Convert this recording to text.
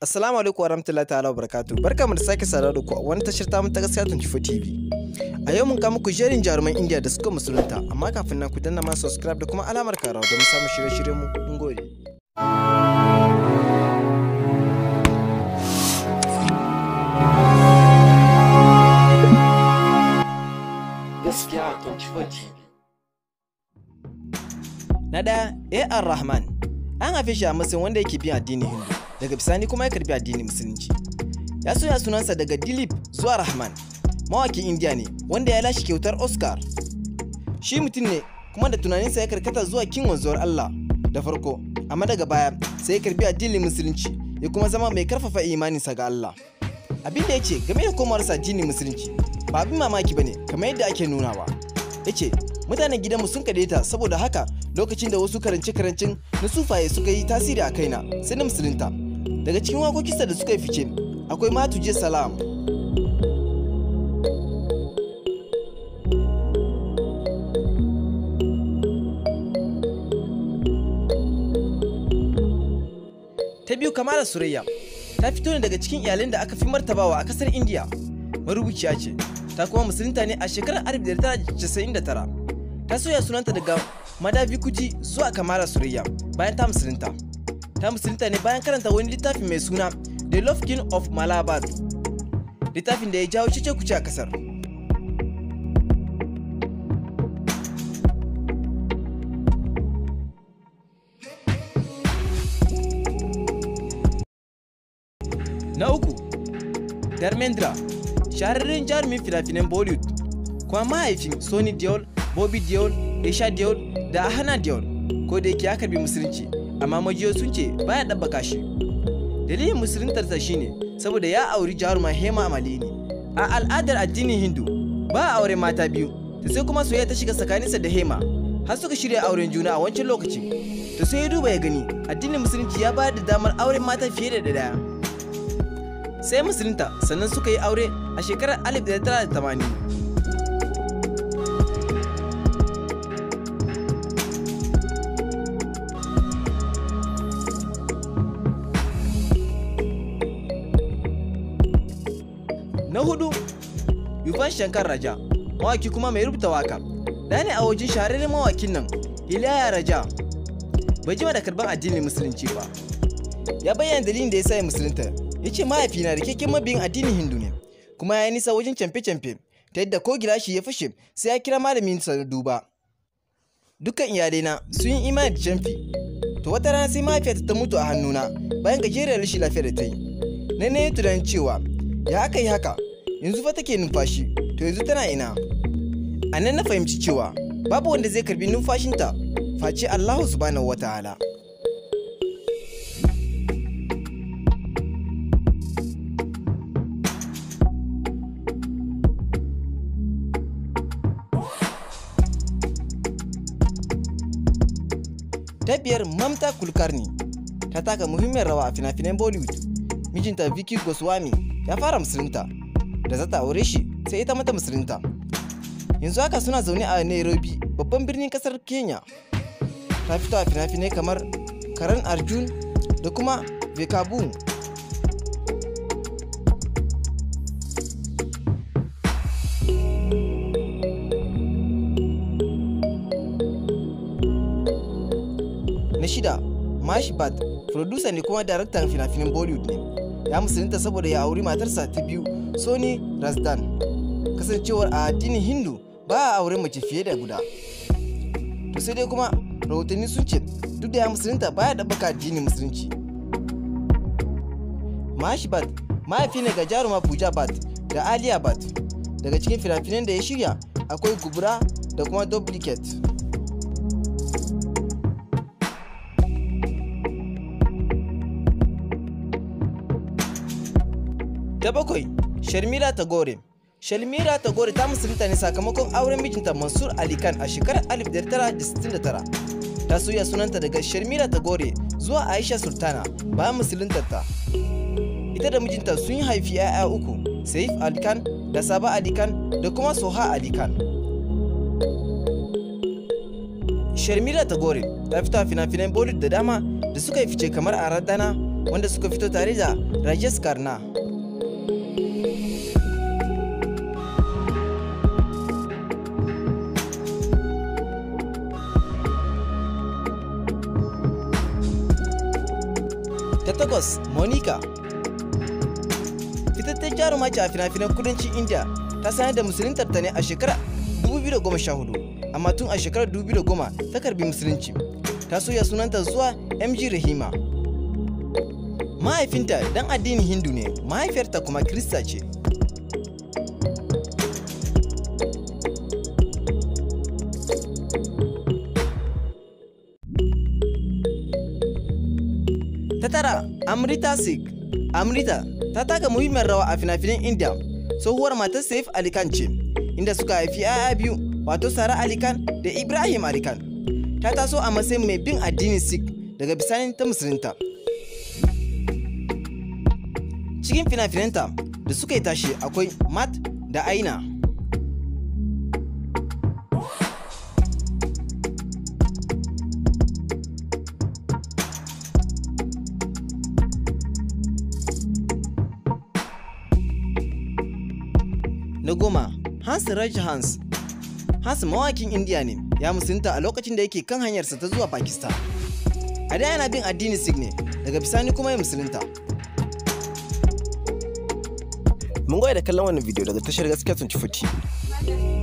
Assalamu alaikum warahmatullahi ta'ala barakatuh. Barkamu da sake saduwa da ku a wani tashar ta mu ta gaskiya 24 TV. A yau mun ka muku jerin jaruman India da suka musulunta, amma kafin nan ku danna ma subscribe da kuma alamar karawa don samu shirye-shiryen mu. Mun gode. Gaskiya TV. Na ɗaya, A.R. Rahman. An haife shi a matsayin wanda yake bin addinin Hindu. daga bisani kuma ya karbi addinin musulunci ya soya sunansa daga dilip zuwa rahman mawakin indiya ne wanda ya lashe kyautar oscar shi mutum ne kuma da tunaninsa ya karkata zuwa kin wanzuwar allah da farko amma daga baya sai ya karbi addinin musulunci ya kuma zama mai karfafa imaninsa ga allah abin da ya ce game da komawarsa addinin musulunci ba abin mamaki ba ne kamar yadda ake nunawa ya ce mutanen gidanmu sun kadaita saboda haka lokacin da wasu karance-karancen na sufaye suka yi tasiri a kaina sai na musulunta daga cikin waƙoƙinsa da suka yi fice akwai matuje salam ta biyu kamala surayya ta fito ne daga cikin iyalin da aka fi martabawa a kasar indiya marubuciya ce ta kuma musulunta ne a shekarar 1999 ta soya sunanta daga madavi kuji zuwa kamala surayya bayan ta musulunta ta musulunta ne bayan karanta wani littafi mai suna The Love King of Malabar, littafin da ya jawo cece kuce a kasar. Na uku, darmendra shahararren jarumin fina-finan Bollywood, kuma mahaifin Sony diol Bobby diol Isha Diol da Ahana diol ko da yake ya karbi musulunci. amma majiyo sun ce baya ɗabba kashi dalilin musuluntarsa shine saboda ya auri jaruma hema ne a al'adar addinin hindu ba a aure mata biyu ta sai kuma soyayya ta shiga tsakaninsa da hema har suka shirya auren juna a wancan lokacin ta sai ya duba ya gani addinin musulunci ya bayar da damar auren mata fiye da daya sai musulunta sannan suka yi aure a shekarar alif tara da tamanin. na hudu yufan shankar raja mawaki kuma mai rubuta waka da ne a wajen shahararren mawakin nan ilaya raja bai jima da karban addinin musulunci ba ya bayyana dalilin da ya sa ya musulunta ya ce mahaifina da keken mabiyin addinin hindu ne kuma ya yi nisa wajen camfe-camfe ta yadda ko gilashi ya fashe sai ya kira malamin sa duba dukkan iyalaina sun yi imani da camfi to wata rana sai mahaifiyata ta mutu a hannuna bayan gajeriyar rashin lafiyar da ta yi na ne tunanin cewa ya aka yi haka yanzu fa take numfashi to yanzu tana ina a nan na fahimci cewa babu wanda zai karbi numfashinta face allahu subhanahu wa ta'ala ta biyar mamta kulkarni ta taka muhimmiyar rawa a fina-finan bollywood mijinta vicky goswami ya fara musulunta da za ta aure shi sai ita mata musulunta yanzu haka suna zaune a nairobi babban birnin kasar kenya ta fito a fina-finai kamar Karen arjun da kuma bekabu na shida mashi bad producer ne kuma daraktan fina-finan bollywood ne ya musulunta saboda ya auri matarsa ta biyu soni rasdan kasancewar a addinin hindu ba a aure mace fiye da guda to sai dai kuma rahotanni sun ce duk da ya musulunta ya ɗabbaka addinin musulunci mashi mahaifi ne ga jaruma puja bat da aliya bat daga cikin fina da ya shirya akwai gubura da kuma duplicate Na bakwai, Sharmila Tagore. Shalmira Tagore ta musulunta ne sakamakon auren mijinta Mansur Ali Khan a shekarar 1969. Ta soya sunanta daga Sharmila Tagore zuwa Aisha Sultana bayan ta. Ita da mijinta sun yi haifi 'ya'ya uku, Saif Ali Khan da Saba Ali Khan da kuma Soha Ali Khan. Sharmila Tagore ta fito a fina-finan Bollywood da dama da suka yi fice kamar a Radana wanda suka fito tare da Rajesh Karna. takwas monica fitattun jaruma ce a fina-finan kudancin india ta sanar da dubu ta ne a shekarar 2014 amma tun a shekarar 2010 ta karbi musulunci ta soya sunanta zuwa mg rahima mahaifinta dan addinin hindu ne mahaifiyarta kuma Kirista ce ta tara amrita sikh amrita ta taka muhimmiyar rawa a fina-finan india tsohuwar matar saif alikan ce inda suka haifi 'ya'ya biyu wato sara alikan da ibrahim alikan ta taso a matsayin mai bin addinin sik daga bisani ta musulunta cikin fina-finanta da suka yi tashi akwai mat da aina Na goma, Hans Raj Hans. Hans mawakin Indiya ne, ya musinta a lokacin da yake kan hanyarsa ta zuwa Pakistan. A da yana bin addini signe daga bisani kuma ya musulunta. Mun goya da kallon wannan bidiyo daga tashar gaskiya 2014.